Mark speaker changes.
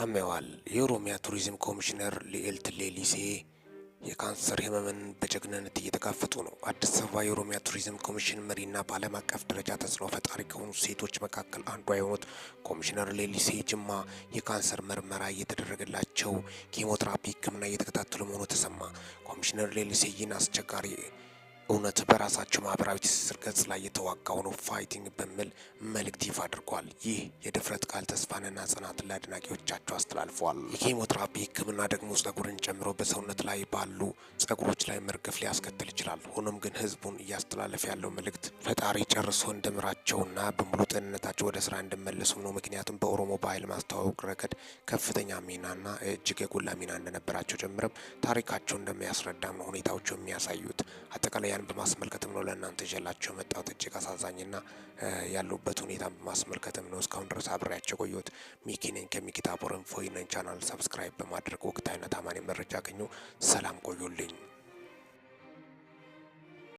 Speaker 1: ታመዋል። የኦሮሚያ ቱሪዝም ኮሚሽነር ልዕልት ሌሊሴ የካንሰር ህመምን በጀግንነት እየተጋፈጡ ነው። አዲስ አበባ የኦሮሚያ ቱሪዝም ኮሚሽን መሪና በዓለም አቀፍ ደረጃ ተጽዕኖ ፈጣሪ ከሆኑ ሴቶች መካከል አንዷ የሆኑት ኮሚሽነር ሌሊሴ ጅማ የካንሰር ምርመራ እየተደረገላቸው ኬሞትራፒ ሕክምና እየተከታተሉ መሆኑ ተሰማ። ኮሚሽነር ሌሊሴ ይህን አስቸጋሪ እውነት በራሳቸው ማህበራዊ ትስስር ገጽ ላይ የተዋጋው ነው ፋይቲንግ በሚል መልእክት ይፋ አድርጓል። ይህ የድፍረት ቃል ተስፋንና ጽናትን ለአድናቂዎቻቸው አስተላልፈዋል። የኬሞትራፒ ሕክምና ደግሞ ጸጉርን ጨምሮ በሰውነት ላይ ባሉ ጸጉሮች ላይ መርገፍ ሊያስከትል ይችላል። ሆኖም ግን ህዝቡን እያስተላለፈ ያለው መልእክት ፈጣሪ ጨርሶ እንደምራቸውና በሙሉ ጤንነታቸው ወደ ስራ እንደመለሱ ነው። ምክንያቱም በኦሮሞ ባህል ማስተዋወቅ ረገድ ከፍተኛ ሚናና እጅግ የጎላ ሚና እንደነበራቸው ጀምረም ታሪካቸው እንደሚያስረዳም ሁኔታዎች የሚያሳዩት አጠቃላይ ጉዳያን በማስመልከትም ነው ለእናንተ ይዤላቸው የመጣሁት። እጅግ አሳዛኝና ያሉበት ሁኔታን በማስመልከትም ነው እስካሁን ድረስ አብሬያቸው ቆየሁት። ሚኪነኝ ከሚኪታ ቦረንፎይነን ቻናል ሰብስክራይብ በማድረግ ወቅታዊና ታማኝ መረጃ አገኙ። ሰላም ቆዩልኝ።